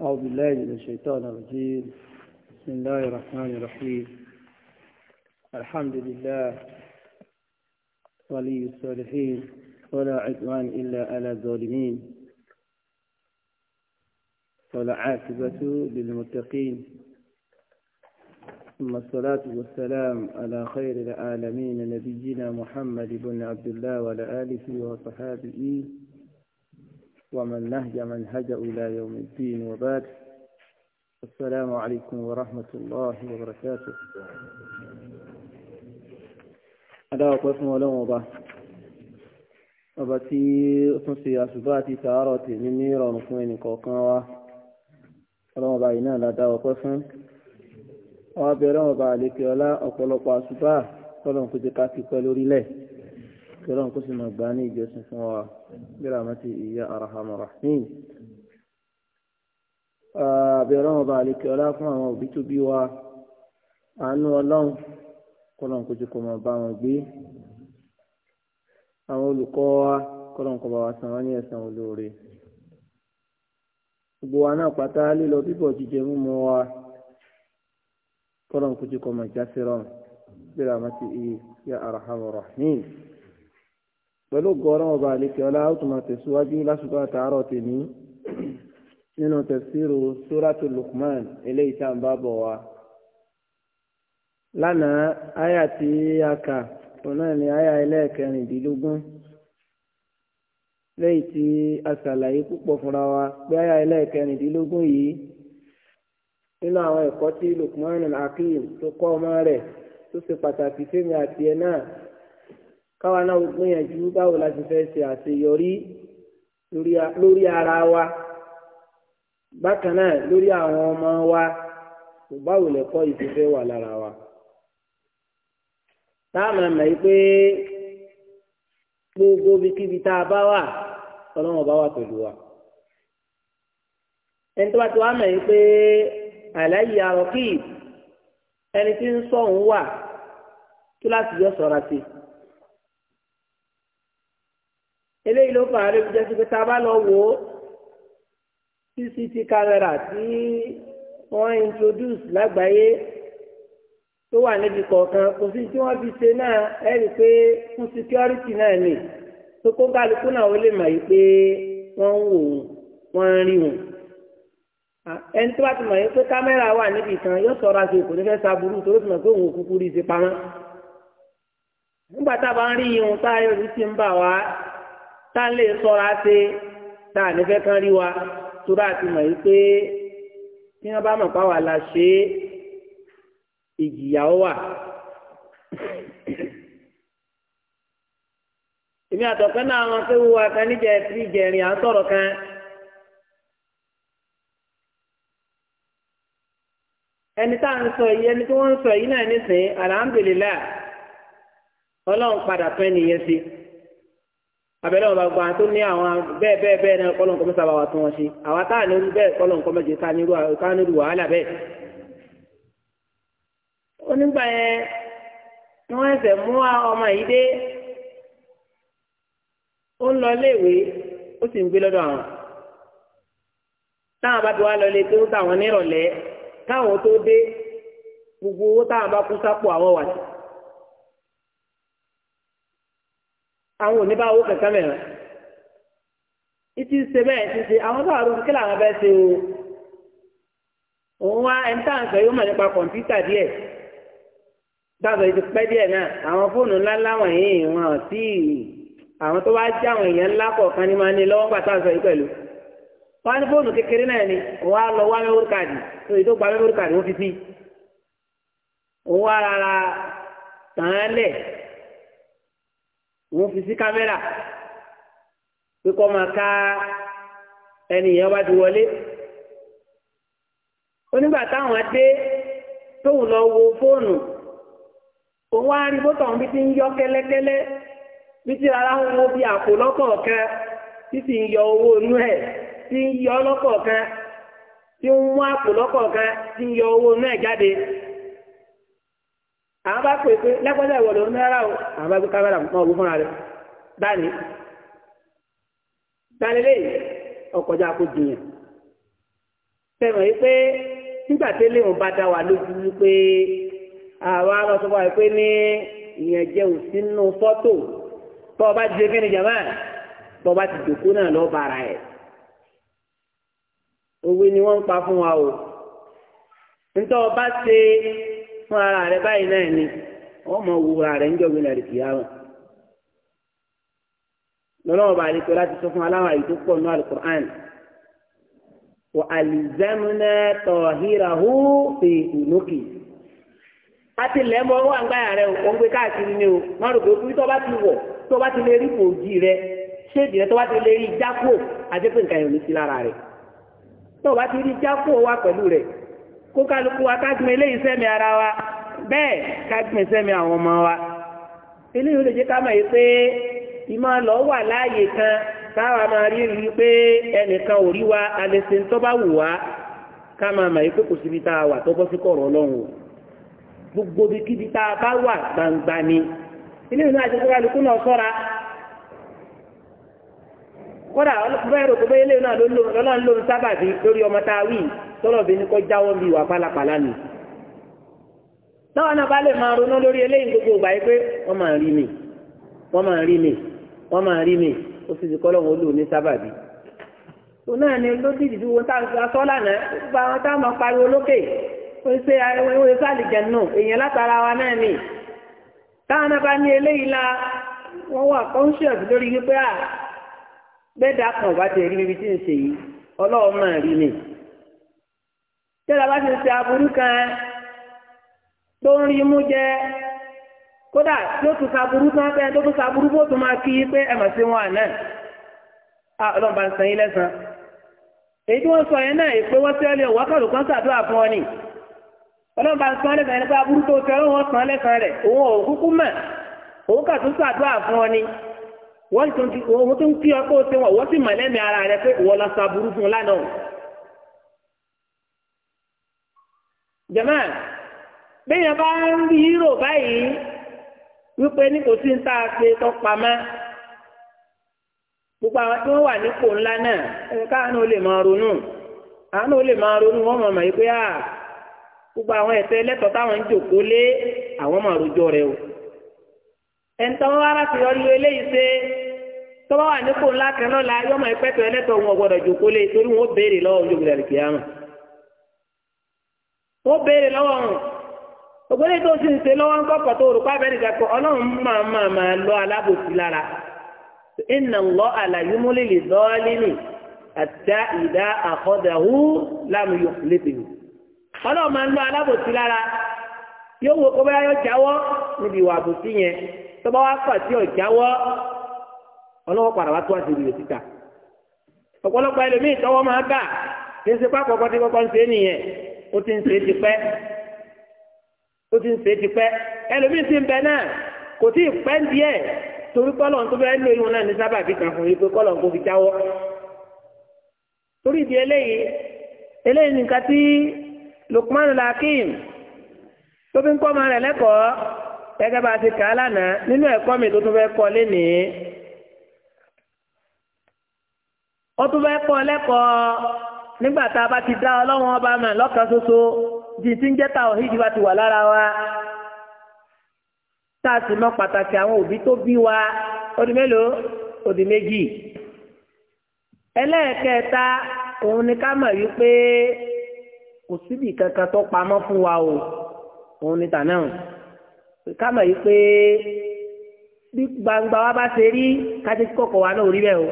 أعوذ بالله من الشيطان الرجيم بسم الله الرحمن الرحيم الحمد لله ولي الصالحين ولا عدوان إلا على الظالمين عاقبة للمتقين ثم الصلاة والسلام على خير العالمين نبينا محمد بن عبد الله وعلى آله وصحابه ومن نهج منهج إلى يوم الدين وبعد السلام عليكم ورحمة الله وبركاته أدعو قسم ولوم وضع وبتي أتنسي أسباتي تارتي مني رمكوين كوكاوا ولوم وضع إنا لدعو قسم وابي رمضة عليك ولا أقول قاسبا ولوم كجكاتي كالوري ليه كلام قسم الباني جسم فوا برامتي يا أرحم الراحمين bẹ̀rẹ̀ ọba àlekẹ́ọ́lá fún àwọn òbí tó bí wa àánú ọlọ́run kọ́lọ́n kó jẹ́ kó máa bá wọn gbé àwọn olùkọ́ wa kọ́lọ́n kó bá wa san wá ní ẹ̀san olóore gbogbo wa náà pátá lílọ bíbọ̀ jíjẹ mímu wa kọ́lọ́n kó jẹ́ kó máa já rọrùn bẹ̀rẹ̀ àmọ́ sí iye yá pẹ̀lú gọ́ọ̀rán ọba àlekè ọlá ó tún máa tẹ̀síwájú lásìkò àtàárọ̀ tèmi nínú tẹ̀síru sóràtú Luqman eléyìí tá à ń bá bọ̀ wá. lánàá àyà tí a kà òun náà ni àyà ẹlẹ́ẹ̀kẹrìndínlógún lẹ́yìn tí a ṣàlàyé púpọ̀ fúnra wa pé àyà ẹlẹ́ẹ̀kẹrìndínlógún yìí nínú àwọn ẹ̀kọ́ tí Luqman Hakim tó kọ́ ọmọ rẹ̀ tó ṣe pàtàkì fẹ́mi àti ẹ̀ náà káwa náà gbìyànjú báwo la ti fẹ́ ṣe àṣeyọrí lórí ara wa bákan náà lórí àwọn ọmọ wa kò báwo lẹ́kọ́ ìfẹ́fẹ́ wà lára wa. táàmù àmọ̀ yìí pé gbogbo ibikíbi tá a bá wà ọlọ́wọ́n bá wà pẹ̀lú wa. ẹni tó bá ti wá mọ̀ yìí pé àlàyé àròkì ẹni tí ń sọ òun wà kí láti yọ sọ̀rọ̀ sí eléyìí ló fà á lóbi jẹ́ pé tá a bá lọ wò ó CCT camera tí wọ́n introduce lágbàáyé tó wà níbi kọ̀ọ̀kan kò sí tí wọ́n fi ṣe náà ẹ rí i pé fún security náà ni tó kó kálukú náà ó lè mọ̀ yìí pé wọ́n ń wò wọ́n wọ́n ń rí wọn. ẹni tó bá ti mọ̀ yìí pé kámẹ́rà wà níbi kan yóò sọ̀rọ̀ àti òkú nífẹ̀ẹ́ sábúrú torí ó ti mọ̀ pé òun kúkú rí i ṣe pamọ́. nígbà tá a bá ń rí ihun tá a yọ orí ti ń bà wá ta a lè sọ́ra ṣe a kan rí wa tóra àti mọ̀ yìí pé tí wọ́n bá mọ̀ pa la ṣe é kan níjẹ sí ìjẹrin à ń sọ̀rọ̀ kan. ẹni tá à ń sọ yìí ẹni tí wọ́n ń sọ yìí náà nísìnyí ọlọ́run padà fẹ́ nìyẹn sí i. abẹ́rẹ́ ọba gba tó ní àwọn bẹ́ẹ̀ bẹ́ẹ̀ bẹ́ẹ̀ náà kọ́lọ̀ nǹkan mẹ́ta bá wa tún wọn ṣe àwa táà ní irú bẹ́ẹ̀ kọ́lọ̀ nǹkan mẹ́jẹ táà ní irú wàhálà bẹ́ẹ̀. onígbà yẹn ni wọ́n ẹsẹ̀ mú ọmọ yìí dé ó ń lọ léèwé ó sì ń gbé lọ́dọ̀ àwọn. táwọn bá ti wá lọlé tó táwọn nírọ̀lẹ́ táwọn tó dé gbogbo owó táwọn bá kú sápò àwọn wà sí. àwọn òní bá owó kankan mẹ́rin ìtì ṣe bẹ́ẹ̀ ti ṣe àwọn bá àrùn kí làwọn bẹ́ẹ̀ ṣe o òun wá ẹni tá à ń sọ yóò mọ̀ nípa kọ̀ǹpútà díẹ̀ dáàbò ti pẹ́ díẹ̀ náà àwọn fóònù ńlá ńlá wọ̀nyí wọn ò tí ì àwọn tó wá jẹ́ àwọn èèyàn ńlá kọ̀ọ̀kan ní máa ní lọ́wọ́ gbà tá à ń sọ yìí pẹ̀lú wọn ní fóònù kékeré náà ni òun á lọ wá mẹ́mórì káàdì tó yìí tó gba mẹ́mórì káàdì ó fi sí òun wá rárá tàn án lẹ̀ wọ́n fi sí kámẹ́rà pé kọ́ máa ká ẹnìyẹn wá ti wọlé onígbà táwọn dé tóun lọ wo fóònù òun wá rí bó tọ̀hún bí ti ń yọ kẹ́lẹ́kẹ́lẹ́ bí ti rárá bí àpò lọ́kọ̀ọ̀kan tí ti ń yọ owó inú ẹ̀ àwọn bá pè pé lẹ́gbẹ́dẹ́ ìwọ̀lọ́ ń rárá o àwọn bá gbé kámẹ́rà mọ́ ọ̀gbọ́n fúnra rẹ̀ dání dání lẹ́yìn ọkọjá kó jiyàn fẹ́ràn yìí pé nígbà tí léwọn bá dá wa lójú wípé àwa lọ sọ fún wa pé ní ìyẹn jẹ́ òsínú fọ́tò tó o bá ti ṣe kí ni jàmá tó o bá ti dòkó náà lọ́ọ́ bára ẹ̀ òwe ni wọ́n ń pa fún wa o ntọ́ ọ ṣe. fún ara rẹ báyìí náà ni wọ́n mọ wu ara rẹ ń jọ̀gbìn náà kìí àwọn. lọ́lọ́wọ́ bá àlejò láti sọ fún aláwọ̀ àyè tó pọ̀ ní alukur'an. wà àlìzẹ́múnẹ́ tọ̀hírahù fi ìlókì. a ti lẹ́ mọ́ wà gbá yàrá o gbé ni o wọ́n rò pé tó bá ti wọ̀ tó bá ti lè rí fòjì rẹ ṣé ìdílé tó bá ti lè rí jákò àti pé nǹkan kó kálukú wa kágbìn eléyìí ara wa bẹ́ẹ̀ kágbìn sẹ́mi àwọn ọmọ wa eléyìí ó lè jẹ́ ká yìí pé lọ wà láàyè kan táwa máa rí rí pé ẹnìkan ò rí wa alẹ́sẹ̀ ń tọ́ba wù wá ká máa yìí pé kò síbi tá a wà sí kọ̀rọ̀ ọlọ́run gbogbo bí kíbi tá a bá wà gbangba ni kálukú náà sọ́ra kódà tọ́lọ̀ bí ní kọ́ jáwọ́ bí ìwà pálapàla nù. táwọn náà bá lè máa ronú lórí eléyìí gbogbo ìgbà yìí pé wọ́n máa rí mi wọ́n máa rí mi wọ́n máa rí mi ó sì ti kọ́ lọ́wọ́ olú ní sábàbí. tó náà ni lójijì tí wọ́n ta sọ́ lánàá gba àwọn táwọn máa pariwo lókè wọ́n ṣe àwọn ìwé sàlìjẹ̀ náà èèyàn látara wa náà ni. táwọn náà bá ní eléyìí la wọ́n wà conscious lórí wípé à bẹ́ẹ̀ dà kàn bá ti rí mi bí ti ń ṣe yìí ọlọ́run máa rí mi tẹ́lá bá ti ṣe aburú kan tó ń rí mú jẹ kódà yóò tún saburú kan bẹ́ẹ̀ tó tún saburú bó tún máa kí pé ẹ̀mọ̀ sí wọn àná à ọlọ́run bá ń san yín lẹ́sàn èyí tí wọ́n sọ yẹn náà èpè wọ́n tẹ́lẹ̀ ọ̀wá kàlù kan ṣàdúrà fún ọ ni ọlọ́run bá ń san lẹ́sàn yẹn pé aburú tó tẹ́ wọ́n san lẹ́sàn rẹ̀ òun ò kúkú mọ̀ òun kà tún ṣàdúrà fún ọ ni wọ́n tún kí ọ kó o ṣe wọn wọ́n sì mọ̀ lẹ́mìí ara rẹ pé ìwọ lọ saburú fún lánàá jama bẹ́yẹn bá ń rí hírò báyìí wípé ní kò sí ń tá a pé tó pamá gbogbo àwọn tí wọ́n wà nípò ńlá náà káwọn ò lè máa ronú àwọn ò lè máa ronú wọ́n mọ̀ mọ̀ yìí pé à ah, gbogbo àwọn ẹ̀tẹ́ lẹ́tọ̀ọ́ táwọn ń lé àwọn rẹ o wọn wá láti lé torí wọn ó béèrè lọ́wọ́ wọ́n bèèrè lọ́wọ́ ọ̀run ògbóni tó sì ń ṣe lọ́wọ́ ń kọ́kọ́ tó rò pábẹ́ nìkan ọlọ́run máa máa máa lọ alábòsí lára inna Allah àlàyé múlẹ̀ lè dọ́ọ́lì ìdá àkọ́dàwú láàmú yóò fi lépe mi ọlọ́run máa lọ alábòsí lára yóò wo kó bẹ́ẹ̀ yọ jáwọ́ níbi ìwà àbòsí yẹn tó bá wá pà sí ọlọ́wọ́ padà wá tó àti máa kí n ṣe ó ti ń ṣe é tipẹ́ ó ti ń ṣe é tipẹ́ ẹlòmíín ti ń bẹ náà kò tí ì pẹ́ díẹ̀ torí kọ́lọ̀ tó fẹ́ lò irun náà ní sábàbí kan fún yìí pé kọ́lọ̀ kò fi jáwọ́ torí ìdí eléyìí eléyìí nìkan tí Lukman Lakim tó fi ń kọ́ ọmọ rẹ̀ lẹ́kọ̀ọ́ gẹ́gẹ́ bá a ti kà á lánàá nínú ẹ̀kọ́ mi tó tún fẹ́ kọ́ lénìí ó tún fẹ́ kọ́ lẹ́kọ̀ọ́ nígbà tá a bá ti dá ọlọ́wọ́n ọba mọ̀ lọ́kàn ṣoṣo di ti ń jẹ́ tàwọn hídì bá ti wà lára wa tá a sì mọ pàtàkì àwọn òbí tó bí wa ó di mélòó ó di méjì ẹlẹ́ẹ̀kẹta òun ni ká mọ̀ wípé kò síbi kankan tó pamọ́ fún wa o òun ni tà náà ká mọ̀ wípé bí gbangba wa bá ṣe rí ká ti kọ̀kọ̀ wa náà rí bẹ́ẹ̀ o.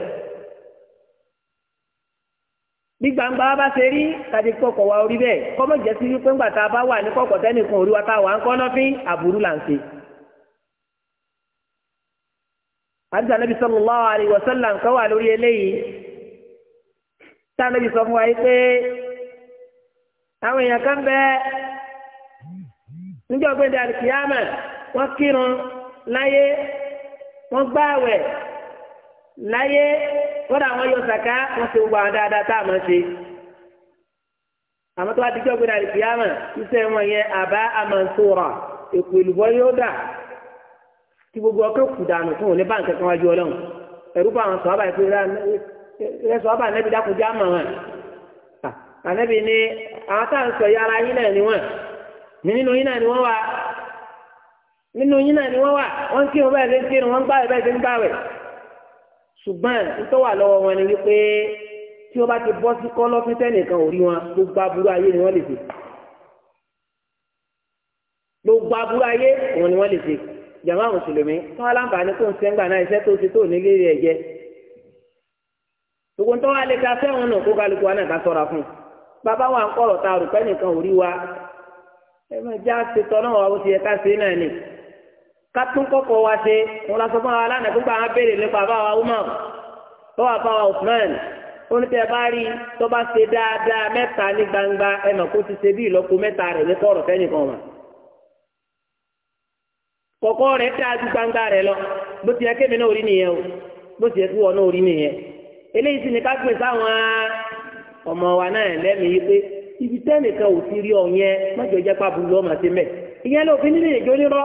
bí gbangba bá ṣe rí tàbí kọ̀kọ̀ wa orí bẹ́ẹ̀ kọ́mọ̀ jẹ́ sí wípé ńgbà tá a bá wà ní kọ̀kọ̀ tẹ́nìkan orí wa tá a wà ń kọ́ná fín àbúrú là ń ṣe. àdìsá nàbí wà lórí eléyìí tá a nàbí sọ wa yìí pé àwọn èèyàn láyé wọ́n dà wọ́n yọ sàká wọ́n gbogbo àwọn dáadáa tá a máa ṣe. àmọ́ tó bá ti jọ́ gbéra ìpè iṣẹ́ wọn yẹn àbá yoda èkó ìlúbọ yóò dà gbogbo ọkọ kù dànù fún òní báńkì kan wájú ọlọ́run ẹ̀rú bá àwọn sọ̀ọ́bà ìpè rẹ̀ sọ̀ọ́bà nẹ́bi dákúndé àmọ̀ wọn. ni àwọn táwọn sọ yàrá yín náà ni wọ́n nínú yín náà ni wọ́n wà nínú yín náà ni ṣùgbọ́n nítorí wà lọ́wọ́ wọn ni wípé tí wọ́n bá ti bọ́ sí kọ́lọ́fín tẹ́nìkan ò rí wọn gbogbo aburú ayé ni wọ́n lè ṣe gbogbo aburú ayé òun ni wọ́n lè ṣe jàmbá mùsùlùmí tí wọ́n láǹfààní kó ń sẹ́ńgbà náà iṣẹ́ tó ṣe tó nílé rẹ̀ jẹ́ gbogbo ń tọ́wọ́ alẹ́ ká fẹ́ràn náà kó kálukú wa náà ká sọ́ra fún un bàbá wa ń kọ̀rọ̀ ta àrùpẹ́ nìkan ò wa ẹ já ṣetọ́ náà wà ó ti kátún kọ́kọ́ wa ṣe wọn lásán fún wa lánàá fún gbàgbọ́n béèrè nípa bá wa Umar tó wà fún wa Usman oníṣẹ́ bá rí tó bá ṣe dáadáa mẹ́ta ní gbangba ẹnà kó ti ṣe bí ìlọ́po mẹ́ta rẹ̀ ní kọ́ọ̀rọ̀ sẹ́yìn kan wà. kọ̀kọ́ rẹ̀ dáa ju gbangba rẹ̀ lọ bó ti kémi náà rí nìyẹn o bó ti yẹ wọn náà rí nìyẹn. eléyìí sì ni ká pè sáwọn ọmọ wa náà lẹ́mìí yìí pé ibi tẹ́nìkan ò ti rí ọ yẹn mọ́jọ jẹ́ pàbùlù ọmọ sí mẹ́ ìyẹn lófin nílé ìjó nírọ́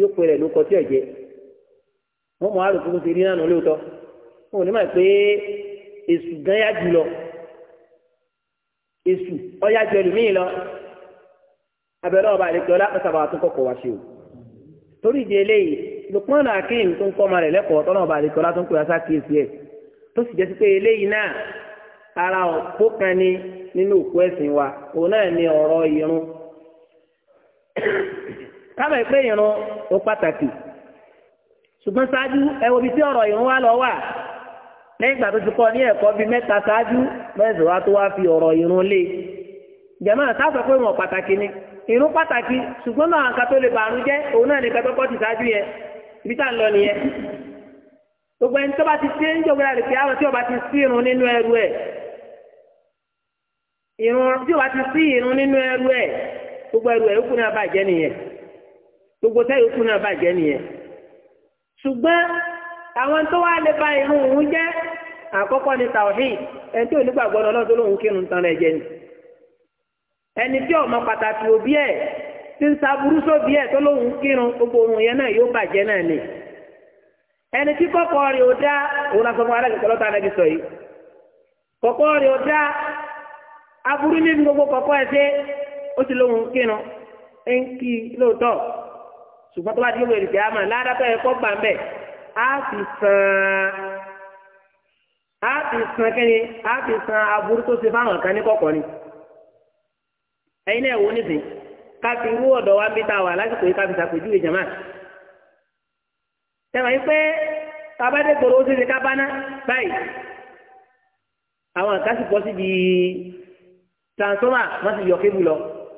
yóò pè rẹ̀ ló kọ tí ẹ̀jẹ̀ wọ́n mọ̀ àrùn tuntun ti rí náà lóòótọ́ wọn ò ní máa pé gan yá jù lọ esu ọ̀yá jù ẹlòmíì lọ abẹ́rẹ́ ọba àdékọ́ lápẹ́sàbà tó kọ̀kọ̀ wá sí o torí ìdí eléyìí lùpọ́n náà kí n tó ń kọ́ ọmọ rẹ̀ lẹ́kọ̀ọ́ tọ́nà ọba àdékọ́ ń pè ẹ̀ tó sì jẹ́ sí pé eléyìí ara òpó kan ni nínú wa òun náà ni ọ̀rọ̀ kámẹ́ ìpè ìrun ó pàtàkì ṣùgbọ́n ṣáájú ẹ wo ibi tí ọ̀rọ̀ ìrun wa lọ wà lẹ́yìn ìgbà tó ti kọ́ ní ẹ̀kọ́ bíi mẹ́ta ṣáájú mẹ́sàn-án wa tó wá fi ọ̀rọ̀ ìrun lé jẹ̀mọ́ ká sọ pé ìrun pàtàkì ni ìrun pàtàkì ṣùgbọ́n náà nǹkan tó lè bàrún jẹ́ òun náà nìkan tó kọ́ ti ṣáájú yẹn ibi tá à ń lọ nìyẹn gbogbo ẹni tó bá ti ṣe ń jọgbẹ́ rẹ̀ pé àwọn tí ọba ti sí ìrun nínú ẹrú tí ọba ti sí nínú ẹrú gbogbo ẹrú ó kú ní nìyẹn gbogbo táyà òkú náà bàjẹ́ nìyẹn ṣùgbọ́n àwọn tó wá lè ba irun òun jẹ́ àkọ́kọ́ ni tawhid ẹni tí onígbàgbọ́ náà lọ́dún lòun kírun tán rẹ̀ jẹ ni ẹni tí ọmọ pàtàkì òbí ẹ̀ tí ń saburú sóbí ẹ̀ tó lòun kírun gbogbo òun yẹn náà yóò bàjẹ́ náà ni ẹni tí kọ́kọ́ rẹ̀ ò dá òun lásán fún aláìsàn lọ́tà anábì sọ yìí kọ́kọ́ rẹ̀ ò dá aburú nínú gbogbo kọ́kọ́ ẹ̀ ṣe ó ti lòun kírun ẹ̀ ń kí lóòótọ́ ṣùgbọ́n tó bá dúró lórí ìgbéyàmà ládàtọ̀ ẹ̀kọ́ gbà ń bẹ̀ á fi san á fi san kẹ́ni á fi san aburú tó ṣe fáwọn kan ní kọ̀kọ́ ni ẹ̀yin náà wò ó nísìn ká fi irú ọ̀dọ̀ wa ń bí ta wà lásìkò yìí ká fi ṣàpèjúwe jàmá tẹ̀wọ̀n yìí pé tabade gbòòrò ó sì ṣe ká báná báyìí àwọn àkásìpọ̀ sí di transformer wọ́n ti yọ kébù lọ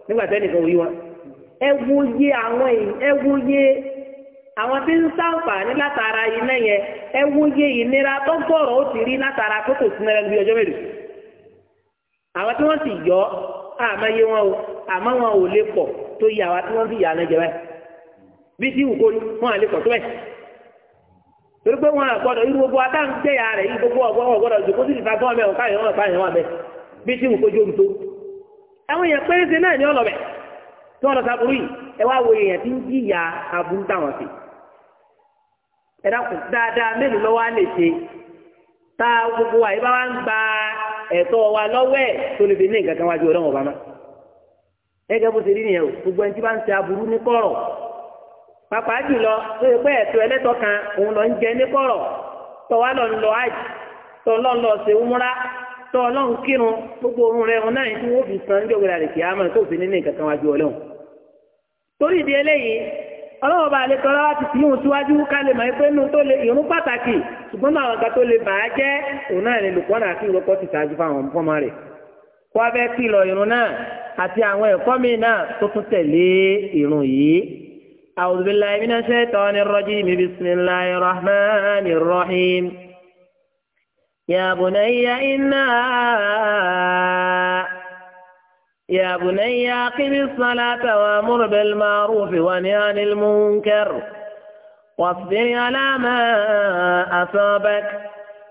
nígbà tẹ́nìkan ò wọn. ẹwu yé àwọn yìí ẹwu yé àwọn tí ń sàǹfààní látara iná yẹn ẹwu yé ìnira tó ó ti rí látara pé kò sí náírà níbi ọjọ́ àwọn tí wọ́n sì yọ àmọ́ yé wọn o àmọ́ wọn ò lè pọ̀ tó yẹ àwa tí wọ́n fi yà á báyìí bí tí gbogbo adáǹgbẹ̀yà rẹ̀ yìí gbogbo ọgbọ́n ọgbọ́dọ̀ jòkó sí ìfà gbọ́n mẹ́wọ̀n káyọ̀ wọn káyọ̀ wọn bẹ̀ bí tí jó tó tí wọ́n lọ sábúrú yìí ẹ wá wo èèyàn tí ń jìyà wọn sí ẹ dákun dáadáa mélòó gbogbo wa ìbá wa ń gba ẹtọ wa lọwọ ẹ tó lè fi ní nǹkan kan wájú ọlọ́wọ́ bàmá gẹ́gẹ́ bó rí nìyẹn o gbogbo ẹni tí bá ń ṣe aburú ní pàápàá jùlọ tó yẹ pé kan òun tọ́ ọlọ́run kírun gbogbo ohun rẹ̀ ọ̀nà yìí tí wọ́n fi san níjọ́ gbèrà rẹ̀ kì á mọ̀ tó fi nínú ìkankan wájú ọlọ́run. torí ìdí eléyìí ọlọ́run bá lè tọ́lá láti fi ìhun síwájú ká lè mọ̀ pé inú tó lè ìrún pàtàkì ṣùgbọ́n náà àwọn kan tó lè bàá jẹ́ òun náà ní lùkọ́nà àti ìrọ́pọ̀ ti ṣáájú fáwọn ọmọ rẹ̀ kó من بسم الله الرحمن الرحيم يا بني إنا يا بني أقم الصلاة وأمر بالمعروف وانه عن المنكر واصبر على ما أصابك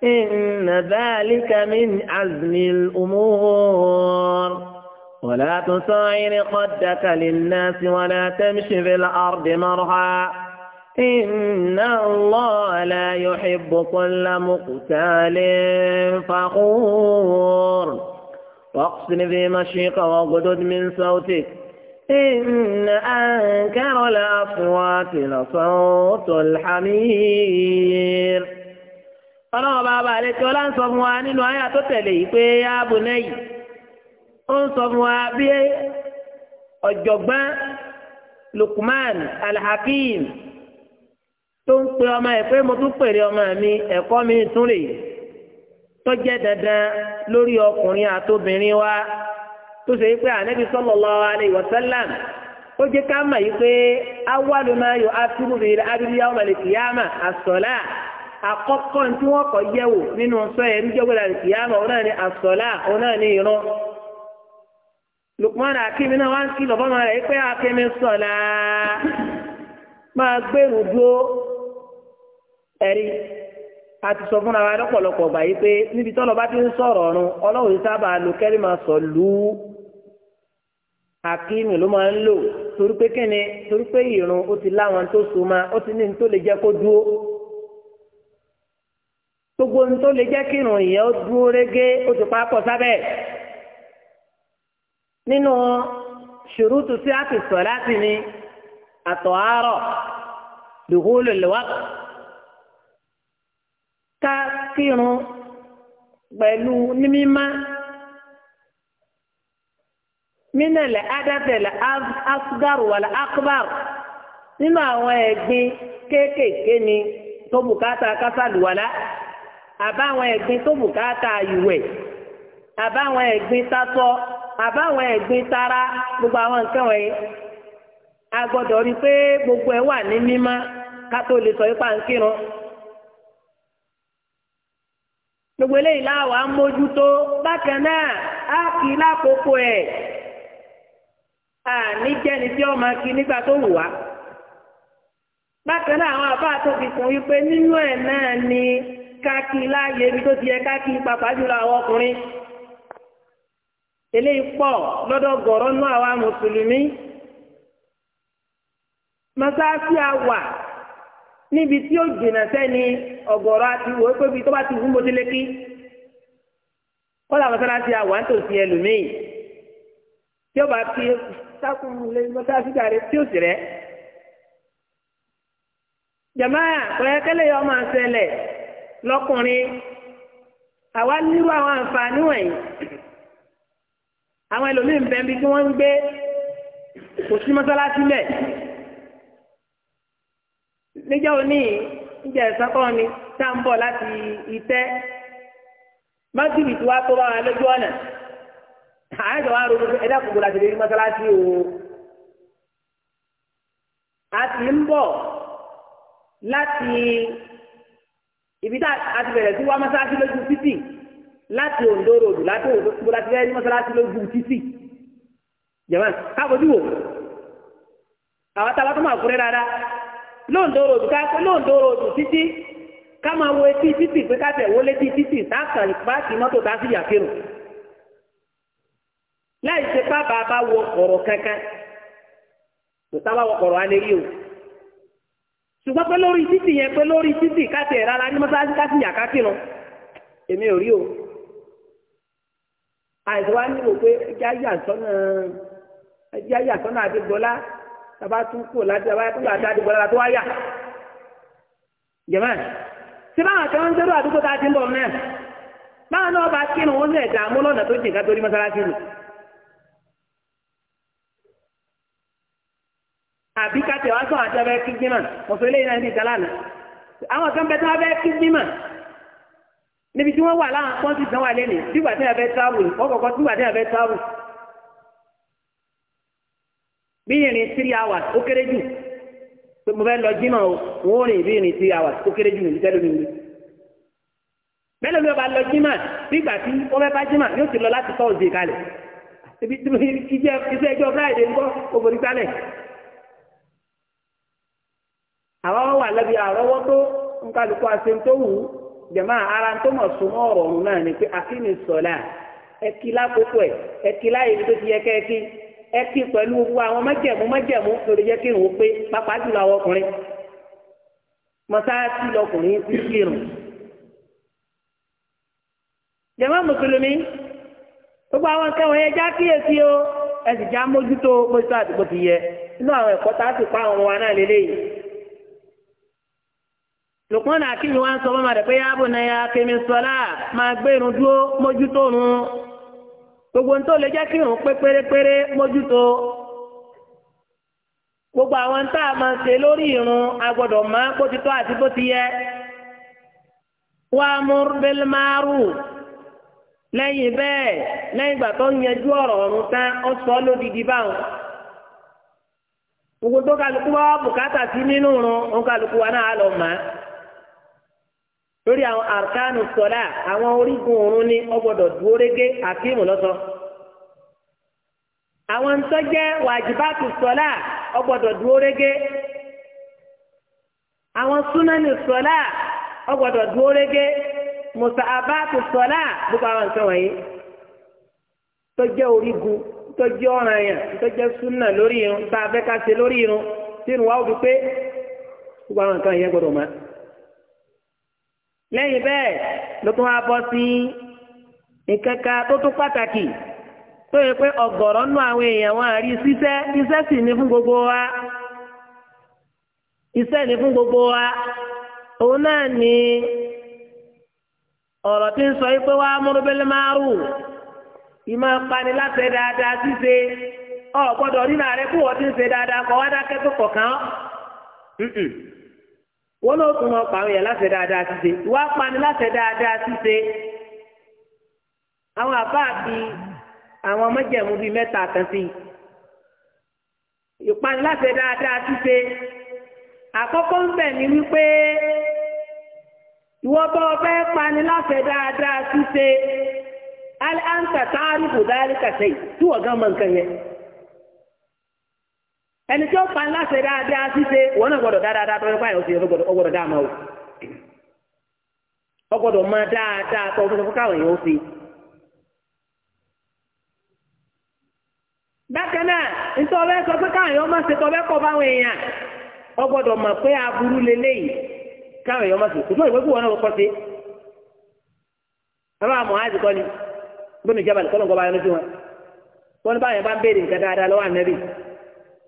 إن ذلك من عزم الأمور ولا تسعر خدك للناس ولا تمشي في الأرض مرحا Inna Allah la yuhibbu kulla muqtalin fakhur. Waqsin fi mashika wa gudud min sautik. Inna ankara al-aswati la sautul hamir. Ọlọ́run bá bá lè tí ọlá ń sọ fún wa nínú ayé àtọ́tẹ̀lé yìí pé ya bunayya. Ó ń sọ fún wa bí ọ̀jọ̀gbọ́n Lukman Al-Hakim. tó ń pe ọmọ ẹ̀ pé mo tún pèrè ọmọ mi ẹkọ mi tún rè tó dandan lórí ọkùnrin àtobìnrin wa tó ṣe pé ànábi sallallahu alaihi wasallam ó jẹ́ ká mọ̀ yìí pé awwalu ma yu'athiru bil abdi yawm akọkọ tí wọ́n kọ́ nínú sọ yẹn náà ní akimi náà ẹ̀rí a ti sọ fúnra wa lọ́pọ̀lọpọ̀ gbà yí pé níbi tọ́lọ bá ti ń sọ̀rọ̀ ọ̀run ọlọ́run sábà lo kẹ́rì máa sọ lù ú akíìmù ló máa ń lò torí pé kíni torí pé ìrun ó ti láwọn tó so ma ó ti ní ní tó lè jẹ́ kó dúró gbogbo ní tó lè jẹ́ kí ìrun ìyẹn ó dúró régé ó ti pápọ̀ sábẹ́ nínú ṣùrùtù tí ti sọ láti ní àtọ̀ àárọ̀ dùkú lòlẹ́wàá. ka kírun pẹ̀lú mímímá mínàlẹ̀ ádàtẹ̀lẹ̀ asgaru wàlẹ̀ akbar nínú àwọn ẹ̀gbin kéékèèké ni tó bùkátà kásálùwàlá àbáwọn ẹ̀gbin tó bùkátà ìwẹ̀ àbáwọn ẹ̀gbin àbáwọn ẹ̀gbin tara gbogbo àwọn nǹkan wọ̀nyí a gbọ́dọ̀ rí gbogbo ẹ̀ wà ní mímá tó lè sọ gbogbo eléyìí láwa mójútó bákan náà á kì í lákòókò ẹ̀ àní jẹ́ni tí ọmọ kí nígbà tó wù wá bákan náà àwọn àbá tó fi kún wípé nínú ẹ̀ náà ni káàkì láàyè ibi tó ti yẹ káàkì pàpà jùlọ àwọn ọkùnrin eléyìí pọ̀ lọ́dọ̀ gọ̀rọ̀ nú àwa mùsùlùmí mọ́sáàsì àwà níbi tí ó jìnnà sẹ́ni ọ̀gọ̀rọ̀ àti ìwò pé ibi tó bá ti wú mo délé kí kọ́lá mọ́sálásí àwọn àtòsí ẹlòmíì tí ó bá fi sákùn lé mọ́sálásí kàrí tí ó sì rẹ́ jamaa kọ̀yẹ́kẹ́lẹ́ yọ máa ṣẹlẹ̀ lọ́kùnrin àwa nírú àwọn àǹfààní wọ̀nyí àwọn ẹlòmíì ń bẹ́ẹ̀ bí wọ́n ń gbé kò sí mọ́sálásí mẹ́ẹ̀ níjẹ́ òní níjẹ́ ìsọ́kọ́ ni tá ń bọ̀ láti ìtẹ́ májúbì tí wàá tó bá wọn lójú ọ̀nà àyájọ wa ronú pé ẹ̀dá kòkòrò àti ìdèrí mọ́sálásí o a ti ń bọ̀ láti ibi tá a ti bẹ̀rẹ̀ sí wá mọ́sálásí lójú títì láti Ondo road láti Ondo tó láti bẹ́ẹ̀ ní mọ́sálásí lójú títì jẹ̀mọ́ káàbọ̀ dìbò àwọn tábà tó máa kúrẹ́ dáadáa lóńdó ròdù ká pé lóńdó ròdù títí ká máa wo etí títì pé ká tẹ̀ wọlé tí títì táàkàn báàkì mọ́tò tá a sì yàkérò láì ṣe pá bàbá wọ ọ̀rọ̀ kankan kò sábà wọ ọ̀rọ̀ alẹ́ yìí o ṣùgbọ́n pé lórí títì yẹn pé lórí títì ká tẹ̀ rárá ní mọ́tò tá a sì yàkérò èmi ò rí o àìsàn wa ní wò pé ẹjẹ ayé àsọ́nà ẹjẹ ayé àsọ́nà àdégbọ́lá tàbá tún kú láti tàbá tún gbà dáadé bọ́lá tó wáyà jẹ̀mọ́ ṣé báwọn kan ń dẹ́rù àdúgbò tá a ti ń bọ̀ náà báwọn náà bá kírun wọn náà dààmú lọ́nà tó jìn ká torí mọ́sálásí nù. àbí ká tẹ̀ wá sọ àti abẹ́ kí gbímọ̀ mọ̀sọ̀ eléyìí náà ní ìdálá náà àwọn kan bẹ tí wọ́n bẹ́ kí gbímọ̀ níbi tí wọ́n wà láwọn pọ́ńtì tí wọ́n wà lẹ́nu tí wà tí wọ́n bẹ́ táwù bí ìrìn three hours ó kéré jù mo fẹ́ lọ jímọ̀ o wọ́n rìn bí three hours ó kéré jù níbi tẹ́lẹ̀ mi wí. bẹ́ẹ̀ lómi ọba lọ jímọ̀ nígbà tí ó fẹ́ bá jímọ̀ yóò ti lọ láti tọ́ọ̀dé kalẹ̀ ibi tí iṣẹ́ ẹjọ́ friday ńkọ́ obìnrin kalẹ̀. àwọn wà lẹ́bi àrọ́wọ́ tó ń kálukú ara tó ẹ kí pẹ̀lú gbogbo àwọn májẹ̀mú májẹ̀mú lórí jẹ́ kí pé pàápàá jùlọ àwọn ọkùnrin mọ́sáàtì lọkùnrin ti kírun. jàmá mùsùlùmí gbogbo àwọn já kíyèsí o ẹ sì já mójútó mójútó àdúgbò ti yẹ inú àwọn ẹ̀kọ́ tá a sì pa àwọn ọmọ wa náà lélẹ́yìí. lùkùn náà kí ni wọ́n á sọ fún ọmọ rẹ̀ pé yáàbò náà yá kémi máa gbogbo tó lè jẹ́ kí òun pé pérépéré mójútó gbogbo àwọn tá a máa ṣe lórí irun agbọ́dọ̀ máa bó ti tọ́ àti bó ti yẹ wa'mur bil ma'ruf lẹ́yìn bẹ́ẹ̀ lẹ́yìn ìgbà tó ń yanjú ọ̀rọ̀ ọ̀run tán ó sọ lódìdí báwọn gbogbo tó kálukú wá bùkátà sí nínú irun òun kálukú wa náà lọ màá. lórí àwọn arkanu sọlá àwọn orígun òrun ní ọgbọ́dọ̀ dúró régé àkíìmù lọsọ àwọn ntọjẹ wàjibátù sọlá ọgbọ́dọ̀ dúró régé àwọn súnánì sọlá ọgbọ́dọ̀ dúró régé mùsàbátù sọlá gbogbo àwọn nǹkan wọ̀nyí tó orígun tó ọ̀ràn yẹn tó jẹ́ lórí irun tá a fẹ́ lẹ́yìn bẹ́ẹ̀ ló tún wá bọ́ sí nǹkan kan tó tún pàtàkì tó yẹ pé ọ̀gọ̀rọ̀ nù àwọn èèyàn wọn àrí ṣiṣẹ́ ní fún gbogbo wa iṣẹ́ ní gbogbo wa òun náà ni ọ̀rọ̀ tí ń sọ yìí pé wá múrúbẹ́lẹ́ máa rù ìmọ̀ pani láti dáadáa ṣíṣe ọ̀ gbọ́dọ̀ wọ́n ló tún máa pàrọ̀ yẹn láṣẹ dáadáa ṣíṣe ìwà pani láṣẹ dáadáa ṣíṣe àwọn àbá àti àwọn ọmọjẹ̀mú bíi mẹ́ta kan sí ìpani láṣẹ dáadáa ṣíṣe àkọ́kọ́ ń bẹ̀ ni wípé ìwọ bá pani láṣẹ dáadáa ṣíṣe alẹ́ àǹtà táàrí kò dárí tí wọ́n gán mọ ẹni tí ó pa ńláṣẹ dáadáa ṣíṣe wọn náà gbọ́dọ̀ dáadáa tó ń pa ìhòsì dáa máa wò máa dáadáa tó ń fún káwọn bákan náà nítorí ọbẹ̀ sọ pé káwọn èèyàn máa ṣe báwọn èèyàn mọ̀ pé aburú káwọn èèyàn máa ṣe tó ìwé náà kọ́ sí. bàbá àmọ́ àti kọ́ni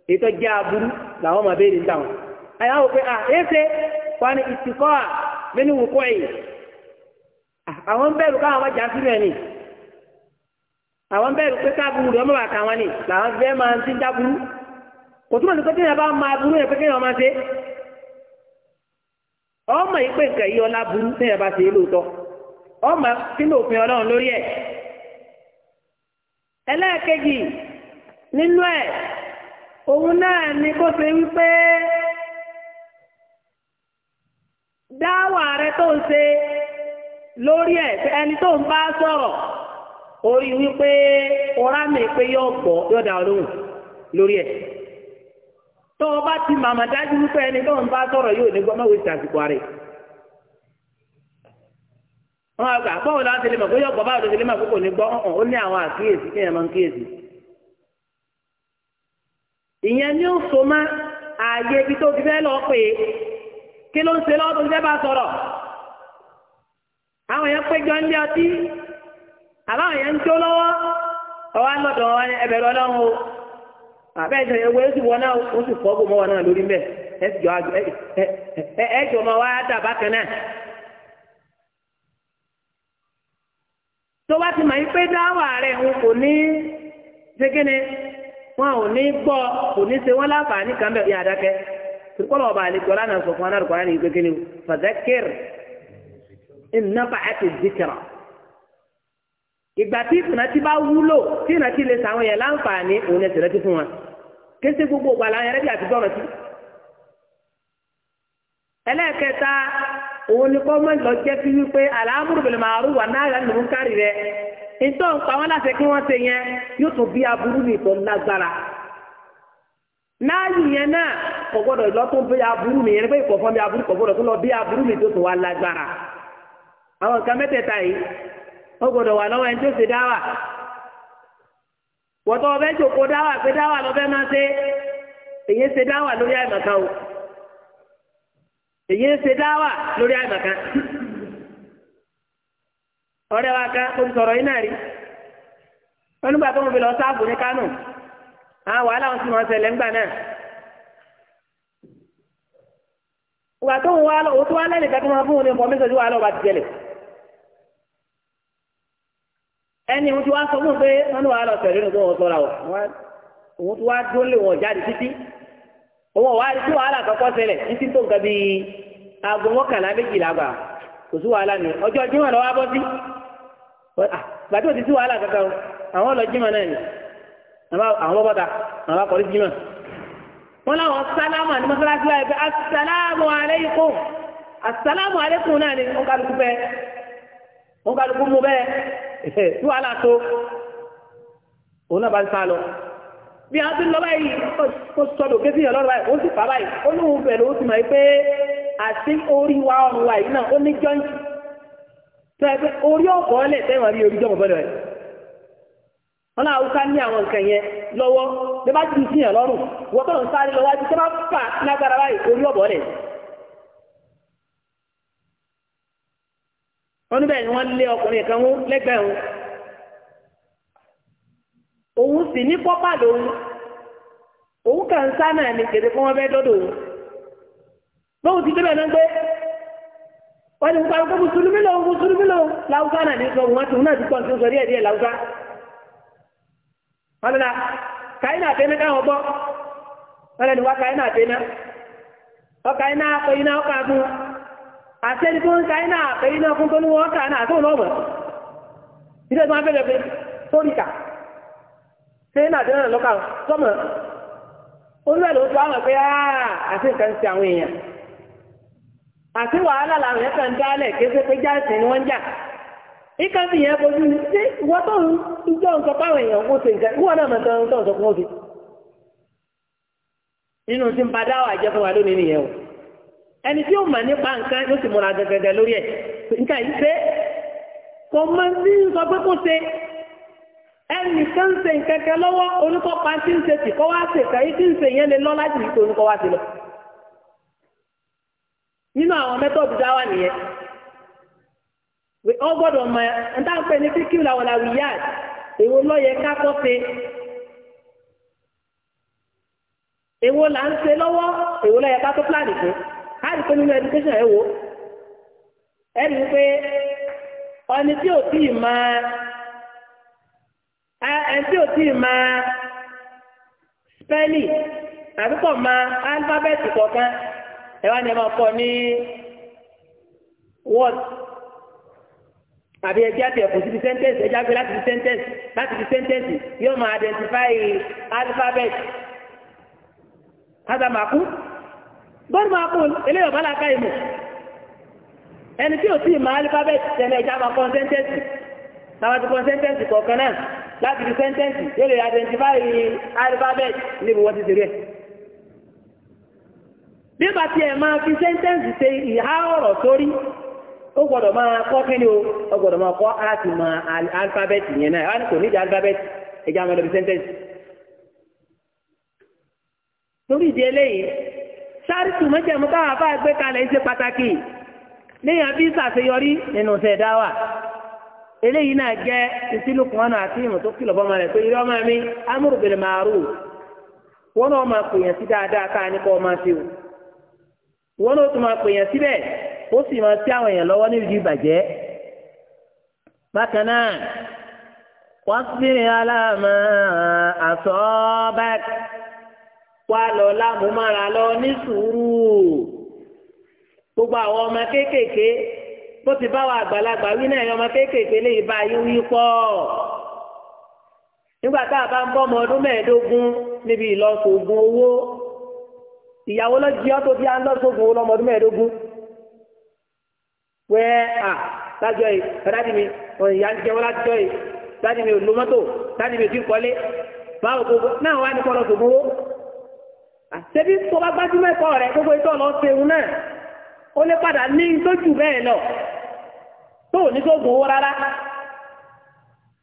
èyí tó jẹ́ aburú làwọn ọmọ abéèrè ń dáhùn àyà pé ah, à ése wà ìsìkọ́ à nínú wùkọ́ yìí ah, àwọn bẹ̀rù káwọn ọmọ ni àwọn bẹ̀rù pé káàbùrù rẹ̀ ọmọ wà kà wọn ni làwọn fẹ́ máa ń ti dáburú kò túmọ̀ sí pé kéèyàn bá máa burú yẹn pé kéèyàn máa ṣe ọmọ yìí pé nǹkan yìí ọlá burú bá ṣe é lóòótọ́ ọmọ ọlọ́run lórí ẹ̀ òun náà ni kó ṣe wípé dáwà rẹ tó ń ṣe lórí ẹ ẹni tó ń bá sọ̀rọ̀ orí wípé ọ̀rá mi pé yóò gbọ́ lórí ẹ tó bá ti màmá dájú wípé ẹni tó ń bá sọ̀rọ̀ yóò ní rẹ̀ lè mọ̀ pé yóò báwo ló lè mọ̀ pé kò ní ọ̀hún ìyẹn ní ó so má ààyè ibi tó ti fẹ́ lọ pé kí ló ń ṣe lọ́wọ́ tó ti fẹ́ bá sọ̀rọ̀ àwọn èèyàn péjọ ń lé ọtí àbáwọn èèyàn ń tó lọ́wọ́ ọwọ́ lọ́dọ̀ ẹbẹ̀rẹ̀ ọlọ́run o àbẹ́ ìṣẹ̀lẹ̀ ewé ó sì wọ náà ó sì fọ́ bò wọn náà lórí mẹ́ ẹ jọ ma wá dàbá kan náà. tó bá ti mọ̀ yín pé dáwà rẹ̀ ń kò ní ṣégéne wọn ò ní gbọ́ kò ní ṣe wọn láǹfààní kan bẹ̀ yà dákẹ́ tìrìkọ́lọ̀ ọba àlejò ọlànà sọ fún anáàrùkọ́ anáàrùn ìgbé kínní fàdákẹ́rì ìnáfà àti zikira ìgbà tí ti bá wúlò tí ti lè sàwọn yẹn láǹfààní òun ẹ̀ tẹ̀lẹ́tì fún wa kése gbogbo ògbà làwọn yẹn sí. ẹlẹ́ẹ̀kẹta ìtọ́ ń pa wọ́n láti kí wọ́n ṣe yẹn yóò tún bí aburú ní ìtọ́ lágbára láàyè yẹn náà kò gbọ́dọ̀ lọ tó bí aburú mi yẹn pé ìkọ̀ fún mi aburú kò gbọ́dọ̀ tó lọ bí aburú mi tó tún wá lágbára àwọn nǹkan mẹ́tẹ̀ẹ̀ta yìí ó gbọ́dọ̀ wà lọ́wọ́ ẹni tó ṣe dáwà wọ́tọ́ ọbẹ̀ jòkó dáwà pé dáwà lọ́bẹ̀ máa ṣe o èyí ṣe dáwà lórí àìmọ̀kan ọ̀rẹ́ wa kan ó ti sọ̀rọ̀ yín náà rí wọn nígbà tó ń fi lọ sáàbù ní Kánò àwọn wàhálà wọn ti mọ̀ ṣẹlẹ̀ ńgbà náà ìgbà tó ń wá lọ òtún wá lẹ́nìkan tó máa fún un ní ìfọ̀mẹ́sọ̀ tí wàá lọ bá ti jẹlẹ̀ ẹni òun ti wá sọ fún un pé wọn ní wàá lọ tẹ̀lé tó wọn sọ́ra o òun ti wá dólé wọn jáde títí òun ò wá rí tí wàhálà kọ́kọ́ ṣẹlẹ̀ títí tó nǹkan bíi aago mọ́kànlá méjìlá gbà kò sí wàhálà ni ọjọ́ jimá lọ́wọ́ bọ́ sí Ah, gbàdúrà ti sí wàhálà kankan o àwọn lọ jímọ̀ náà ni àwọn bọ́bọ́ta àwọn akọ̀rí jímọ̀ wọn làwọn sálámù àti mọ́sálásí láì pé asàlámù aláìkùm asàlámù aláìkùm náà ni wọn kálukú bẹ́ẹ̀ wọn kálukú mú bẹ́ẹ̀ sí wàhálà tó òun náà bá ń sá lọ bí a ti lọ báyìí ó sọdọ̀ kéfì yẹn lọ́rọ̀ báyìí ó sì fà báyìí ó ní òun bẹ̀rẹ̀ ó sì mọ̀ pé àti orí wa ọ̀run wa yìí náà ó ní jọ́ǹtì tẹ́gbẹ́ orí ọ̀pọ̀ ọ̀lẹ̀ tẹ́wọ̀n rí orí jọmọ̀ bọ́lẹ̀ wọn náà haúsá ní àwọn nǹkan yẹn lọ́wọ́ bí bá ti fi hàn lọ́rùn wọ́n tọ̀rọ̀ ń sáré lọ́wọ́ fà lágbára báyìí orí ọ̀pọ̀ ọ̀lẹ̀ wọn níbẹ̀ ni wọ́n lé ọkùnrin kan mú lẹ́gbẹ̀ẹ́ wọn òun sì ní lòun òun ń sá náà ní fún wọ́n ti fún akọ́ mùsùlùmí lòun mùsùlùmí lòun làwùjá náà ní sọ̀rọ̀ wọn ti náà ti pọ̀ sí sọ̀rí ẹ̀díẹ̀ làwùjá. wọ́n lọ́la kàyínà àtẹ́ná káwọn gbọ́ wọ́n lẹ́nu wá kàyínà àtẹ́ná ọkà iná akọ iná ọkà na ka iná akọ iná na àti wàhálà làwọn yẹn kàn dálẹ̀ kéṣe pé jáìsìn ni wọ́n jà ìka sì yẹn bojú ni ṣé ìwọ tó ń jọ ń sọ páwọn èèyàn kó ṣe nǹkan ìwọ náà mọ̀ tán tó ń sọ fún òfin nínú tí ń ba dáwà jẹ́ fún wa lónìí nìyẹn o ẹni tí ó mà nípa nǹkan ló sì múra gẹ́gẹ́gẹ́ lórí ẹ̀ nǹkan yìí ṣe kò mọ sí sọ pé kó ṣe ẹnì kan ṣe nǹkan kan lọ́wọ́ orúkọ pa ti ń ṣe tì kọ́ wá ṣe kàyí tí ń ṣe yẹn lè lọ́ láti nínú àwọn mẹ́tọ́ọ̀dù dáwà nìyẹn wọ́n gbọ́dọ̀ mọ ẹ̀ ń dáhùn pé ní fíkìú làwọn làwọn ìyá èwo lọ́yẹ kákọ́ ṣe èwo là ń ṣe lọ́wọ́ èwo lọ́yẹ kákọ́ pílánì fún á rí i pé nínú ẹdíkéṣàn ẹ̀ wò ẹ rí i pé ọni tí ò tí ì máa ẹ tí ò tí ì máa spẹ́lì àbíkọ̀ máa álífábẹ́ẹ̀tì kọ̀ọ̀kan ẹ wá ní ẹ máa kọ́ ní word àbí ẹjẹ́ àti ẹ̀kọ́ síbi sentence ẹjẹ́ àgbẹ̀ láti fi sentence láti fi sentence yóò máa identify alphabet hada màkú bọ́ọ̀lù máa kú eléyìí ọ̀bá làákà ìmọ̀ ẹni tí ò tí ì máa alphabet tẹ̀lé ẹjẹ́ àmà kọ́ sentence táwọn ti kọ́ sentence kọ̀ọ̀kan náà láti fi sentence yóò lè identify alphabet níbi wọ́n ti ṣe rí ẹ̀. bí bá ti ẹ̀ máa fi sẹ́ńtẹ́ǹsì ṣe ìhá ọ̀rọ̀ sórí ó gbọ́dọ̀ máa kọ́ o ó gbọ́dọ̀ máa kọ́ áàtì mọ alifábẹ́ẹ̀tì yẹn náà wọn kò nídìí alifábẹ́ẹ̀tì ẹja máa sẹ́ńtẹ́ǹsì. torí ìdí eléyìí sáré tù mọ́jẹ́ mú káwá bá gbé kalẹ̀ ṣe pàtàkì léyìn àbí nínú eléyìí náà jẹ́ ìsílùkùn náà wọn ló tún máa pè yàn síbẹ̀ ó sì máa tẹ́ àwọn èèyàn lọ́wọ́ níbi ìbàjẹ́ bákan náà wasbir ala ma asabak wà lọ lámúmára lọ ní sùúrù gbogbo àwọn ọmọ kéékèèké bó ti bá wa àgbàlagbà wí náà ọmọ kéékèèké lè bá yín wí pọ̀ nígbà tá a bá ń bọ́ ọmọ ọdún mẹ́ẹ̀ẹ́dógún níbi ìlọsọ ògùn owó ìyàwó lọ jí ọtọ bí andọsọgùn ọlọmọdún mẹ́ẹ̀ẹ́dógún pé à lájọ yìí dáàdì mi ìyá ń jẹun lájọ yìí dáàdì mi ò lo mọ́tò dáàdì mi ò ti kọ́lé báwo gbogbo náà wà ní kọ́ lọ sògùn owó àtẹ́bí tó bá gbájúmọ́ ẹ̀kọ́ rẹ̀ gbogbo ìtọ́ lọ ṣeun náà ó lè padà ní tó jù bẹ́ẹ̀ lọ tó ní tó owó rárá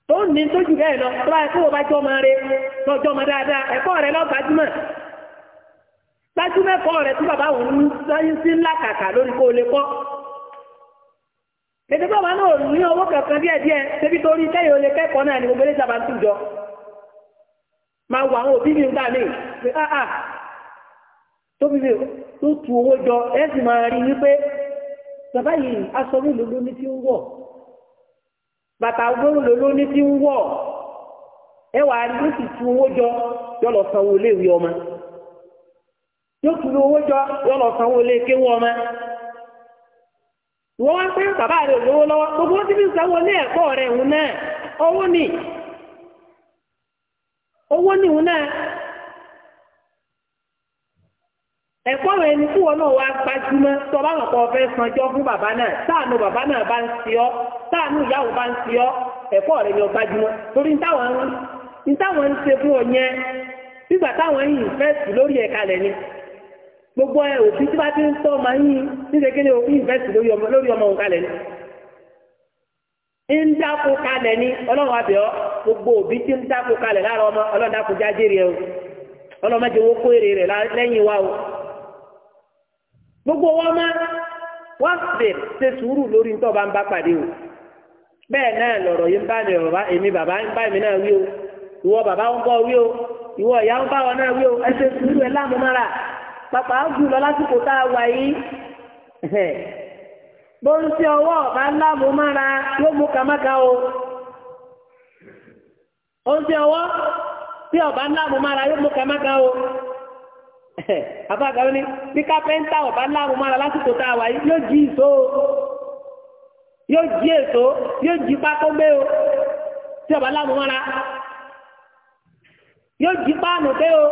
tó ní tó jù bẹ́ẹ̀ lọ tó bá ẹ̀kọ́ bá jọ́ máa re lọ́jọ́ máa dáadáa ẹ̀kọ́ rẹ̀ lọ́ gbájúmọ́ gbajúmẹ́kọ́ rẹ̀ tí bàbá òun ń sáyé sí ńlá kàkà lórí kó lè kọ́ ètò bàbá náà ní owó kankan díẹ̀díẹ̀ débi tó rí kẹ́yìn olè kẹ́kọ̀ọ́ náà ni gbogbo ilé ìjàmbá tún jọ máa wọ àwọn òbí mi ń gbà mí pé áà ah, ah, tó fi tó tu owó jọ ẹ sì máa rí wípé bàbá yìí aṣọ mélòó ló ní tí ń wọ̀ bàtà gbóró ló ní tí ń wọ̀ ẹ wàá rí ó sì tu owó jọ yọ lọ sanwó léèwé ọmọ. yókùnrin owó jọ yóò sanwó ilé kéwọ́ ọmọ wọ́n wá pé bàbá lówó lọ́wọ́ gbogbo wọn ti fi sanwó ẹ̀kọ́ rẹ̀ òun náà owó ni owó ni náà ẹ̀kọ́ wọn fún bàbá náà sáànù bàbá náà bá ń sáànù ìyàwó bá ń ni torí ń ṣe lórí gbogbo ẹ òfin tí bá ti ń tọ́ máa yín níṣẹ́ lórí ọmọ òun kalẹ̀ ni ń dáko kalẹ̀ ni ọlọ́run gbogbo òbí tí ń dáko kalẹ̀ lára ọmọ ọlọ́run dáko ẹ o ọlọ́run mẹ́jọ owó gbogbo wọn ṣe sùúrù lórí o bẹ́ẹ̀ náà lọ̀rọ̀ yìí ń bá èmi bàbá ń bá náà wí o ìwọ o ìwọ ìyá ń bá o ẹ ṣe sùúrù ẹ pàpà jùlọ lásìkò tá a wà yìí bó ń ṣe ọwọ́ ọ̀bá ńlá mú mára yóò mú kàmáka o ó ń ṣe ọwọ́ tí ọ̀bá ńlá mú mára yóò mú kàmáka o àbáàgbà ni bí kápẹ́ńtà ọ̀bá ńlá mú mára lásìkò tá a wà yìí yóò jí ìṣó yóò jí èso yóò jí pákó o tí ọ̀bá ńlá mú mára yóò jí páànù gbé o.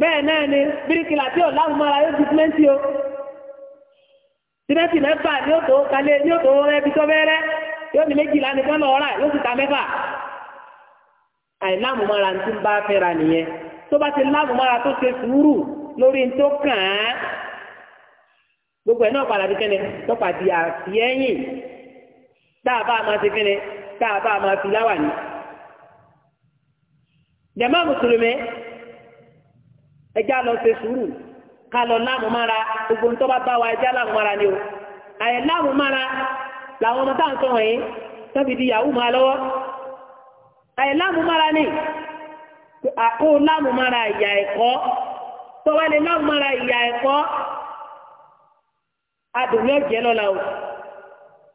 bẹ́ẹ̀ náà ni bíríkìlà tí ò mọ́ra yóò di símẹ́ǹtì o símẹ́ǹtì mẹ́fà ní òtò kalẹ̀ ní òtò ẹbí tó bẹ́rẹ́ yóò ní méjìlá nìkan lọ ọ̀rà yóò sì ta mẹ́fà àìláwùn mọ́ra ti ń bá fẹ́ra nìyẹn tó bá ti láwùn mọ́ra tó ṣe sùúrù lórí tó kàn án gbogbo ẹ̀ náà padà kẹ́ni tọ́pà di àfihẹ́yìn tá a bá máa ti kẹ́ni tá a bá máa fi ẹjá lọ ṣe sùúrù ká lọ láàmú mára gbogbo ń tọ́ba bá wa ẹjá láàmú mára ni o àyẹ̀ láàmú mára làwọn ọmọ táwọn sọ̀rọ̀ yìí tọ́bi di yahoo máa lọ́wọ́ àyẹ̀ láàmú mára ni àkó láàmú mára ìyà ẹ̀kọ́ tọ́wọ́ láàmú mára ìyà ẹ̀kọ́ adùn yóò jẹ́ lọ́la o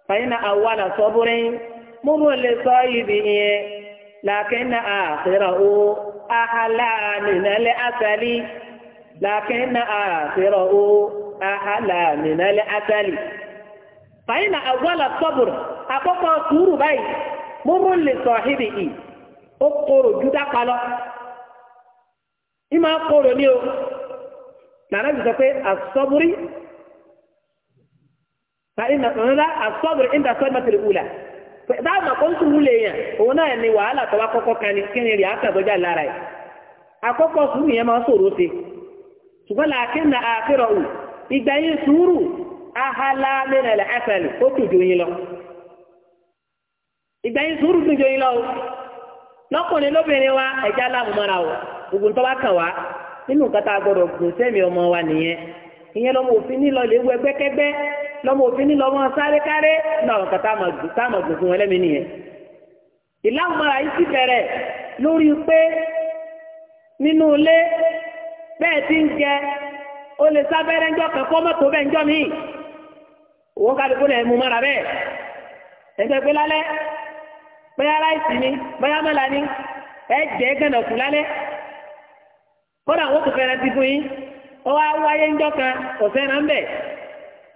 fàyínà àwọn àlàsọ́bùnrin múlò lè sọ ibi yẹn làákẹ́ náà àṣírà o. Aha laa nyina le asali, lakinaa seerọ ụ, aha laa nyina le asali. Fa ina awala sọbụrụ, akpọkpọ tuuru bayi, mụ mụ lisọhịnị ị, ọ kọrọ juda kpalọ. Ima kọrọ n'i o, na na zisokye asọbụrụ, fa ina a sọbụrụ ndafọ na-tiri ụla. dáàmà kó ń sùúrù lè yàn o náà ni wàhálà tó tọwa kọ́kọ́ kan ni kí ni rẹ̀ àtàbọ̀jà lára ẹ̀ àkọ́kọ́ sùúrù yẹn máa sòro ṣe ṣùgbọ́n làákín na àkérò ahala mẹ́rẹ̀lẹ̀ ẹ̀fẹ̀lì ó lóbìnrin wa o kàn a lọmọ òfin ní lọ́mọ sáré káré ní àwọn kan táàmù ọ̀gbìn fún ẹlẹ́mìí nìyẹn. ìlànàmọ́ra bẹ̀rẹ̀ lórí pé nínú ilé bẹ́ẹ̀ ti ń jẹ ó lè sábẹ́rẹ́ ńjọ́ kan mọ́tò bẹ́ẹ̀ ńjọ́ míì òwò kálukú lẹ̀ mú mọ́ra bẹ́ẹ̀ ẹgbẹ́ pé lálẹ́ ni bóyá mọ́la ni kù lálẹ́ wọ́n kò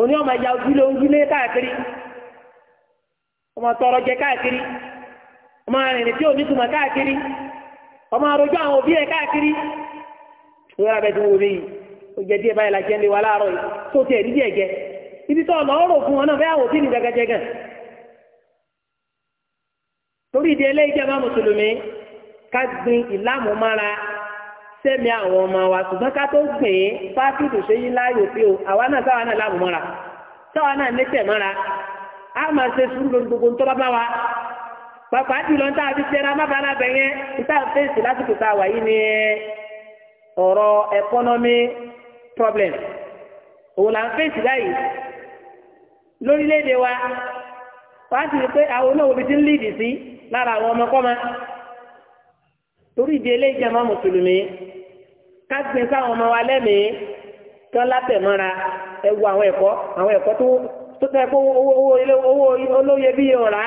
oní ọmọ ẹja ojúlé ojúlé káàkiri ọmọ tọrọ jẹ káàkiri ọmọ arìnrìn tí omi tuma káàkiri ọmọ arojọ àwọn òbí rẹ káàkiri ìwé abẹ tó wò mí yìí ó jẹ díẹ̀ báyìí la jẹ ń wa láàárọ̀ yìí tó tiẹ̀ rí díẹ̀ jẹ ibi tó ọ̀nà ọ̀rọ̀ fún wọn náà bẹ́ẹ̀ àwọn òbí nìkan gẹ́gẹ́ gan torí ìdí eléyìí jẹ́ máa mùsùlùmí ká gbin ìlàmúmára sẹ́mi àwọn ọmọ wa ṣùgbọ́n ká tó ń pè é fáàkì ìdòṣe yín láàyò pé o àwa náà sáwa náà láàmú mọ́ra sáwa náà lẹ́tẹ̀ mọ́ra a máa ṣe sùúrù lórí gbogbo ń tọ́lá bá wa pàpà jùlọ ń tàbí tẹ́ra má bàa lábẹ́ yẹn níta fèsì lásìkò tá yìí ni ọ̀rọ̀ òun là ń fèsì báyìí wa wá pé àwọn bíi ti ń líìdì sí lára àwọn torí ìdí eléyìí jẹ́ mọ́ mùsùlùmí ká gbin sáwọn ọmọ wa lẹ́mìí kí wọ́n látẹ̀mọ́ra ẹ wo àwọn ẹ̀kọ́ àwọn ẹ̀kọ́ tó tó tẹ́ kó owó olóye bí ọ̀rá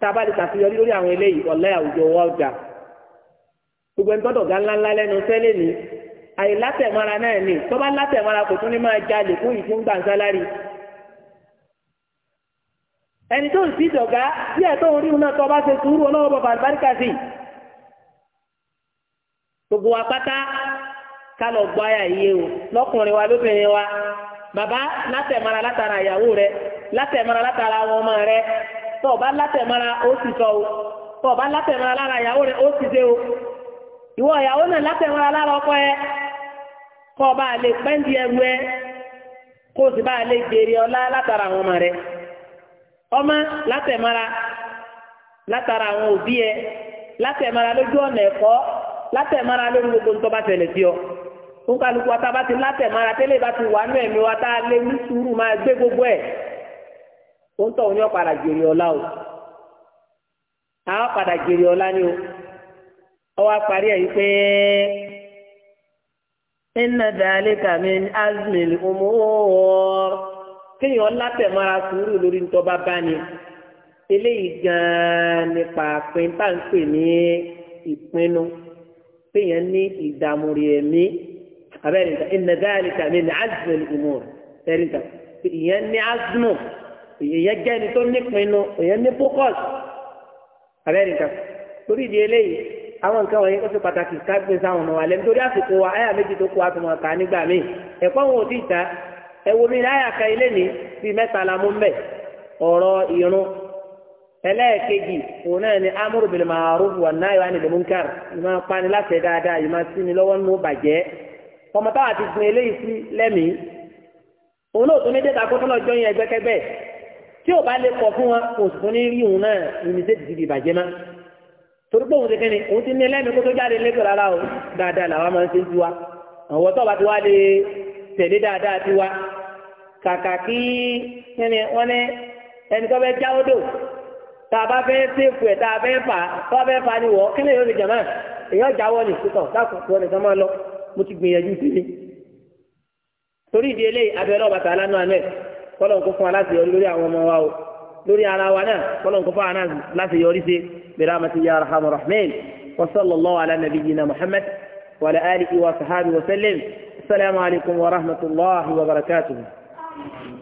tába lè ṣàfihàn lórí àwọn eléyìí ọ̀lẹ́ àwùjọ wọ́n ọjà gbogbo ẹni tọ́dọ̀ ga ńláńlá lẹ́nu sẹ́lẹ̀ ni àyè látẹ̀mọ́ra náà ni tó bá látẹ̀mọ́ra kò tún ní máa jalè fún ìfúngbà sálárì ẹni tó ń sí ìdọ̀gá bí ẹ̀ tó ń rí iná tó bá ṣe sùúrù ọlọ́wọ́ bọ̀ bàbáríkà sí i. gbogbo wa pátá ká lọ gbọ́ àyà yìí o lọ́kùnrin wa lóbìnrin wa bàbá látẹ̀mọ́ra látara ìyàwó rẹ látẹ̀mọ́ra látara àwọn ọmọ rẹ tọ́ ọba látẹ̀mọ́ra ó sọ o tọ́ ọba látẹ̀mọ́ra lára ìyàwó rẹ ó dé o ìwọ ìyàwó náà látẹ̀mọ́ra lára ọkọ ẹ kọ́ ọba àlè ẹrù ẹ kó o sì bá àlè jèrè ọlá látara àwọn ọmọ rẹ ọmọ látẹ̀mọ́ra látara ẹ látẹ̀mọ́ra lójú ọ̀nà ẹ̀kọ́ látẹ̀mára lórí gbogbo ń tọ́ba tẹ̀lẹ̀ sí ọ nkàlùkù ata bá ti látẹ̀mára tẹ́lẹ̀ bá ti wà nù ẹ̀mí wa tá a lé ní sùúrù máa gbé gbogbo ẹ̀ ó ń tọ̀ ní ọ̀padà jèrè ọ̀la o àwọn padà jèrè ọ̀la ni o ọwọ́ parí ẹ̀ yìí pé ẹnna dàálẹ̀ kàmi azmil umur kéèyàn látẹ̀mára sùúrù lórí ntọ́ba bá ni eléyìí gan-an nípa pé ní ìpinnu péyàn ní ìdààmú rẹ̀ mí abẹ́rẹ́ nǹkan inna dhalika min azmi al-umur ẹ̀rí nǹkan ìyẹn ní azmu ìyẹn jẹ́ ẹni tó nípinnu ìyẹn ní focus abẹ́rẹ́ nǹkan torí ìdí eléyìí àwọn nǹkan wọ̀nyí ó ṣe pàtàkì kágbé sáwọn ọmọ wa lẹ́nu àsìkò wa àyà méjì tó kó àtúmọ̀ ká nígbà míì ẹ̀kọ́ wọn ò tí ì ta ẹ̀wò mi ní àyà kan ilé ní bíi mẹ́ta la mú mbẹ̀ ọ̀rọ̀ ìrun ẹlẹ́ẹ̀kejì òun náà ni amúrú bil ma'ruf wà náà yóò ní lèmúnkàr ìmọ̀ pani láti dáadáa ìmọ̀ sí ni lọ́wọ́ nù bàjẹ́ ọmọ táwa ti gbin eléyìí sí lẹ́mìí òun náà tún ní dé takó tọ́lọ̀ jọ yẹn ẹgbẹ́kẹ́gbẹ́ tí ò bá lè kọ fún wọn kò sì tún ní rí òun náà ìní tètè ti di bàjẹ́ má torí pé òun ti kẹ́ni òun ti ní lẹ́mìí kó tó jáde lẹ́kọ̀ọ́ rárá o dáadáa làwọn máa tá a bá fẹ́ sèfù ẹ̀ tá a fẹ́ fà tá a fẹ́ fà ni wọ́ kí lèyìn olùjàmá èèyàn jáwọ́ ní sísọ lákòókò ọ̀nà kan máa lọ mo ti gbìyànjú sí i torí ìdí eléyìí abẹ́rẹ́ ọ̀bàtà alánú alẹ́ kọ́lọ̀ kó fún aláṣẹ yọrí lórí àwọn ọmọ wa o lórí ara wa náà kọ́lọ̀ kó fún aláṣẹ yọrí sí bẹ̀rẹ̀ amati ya arhamar rahman wa sallallahu ala nabiyyina muhammad wa ala alihi wa sahabi wa sallam assalamu wa rahmatullahi wa barakatuhu.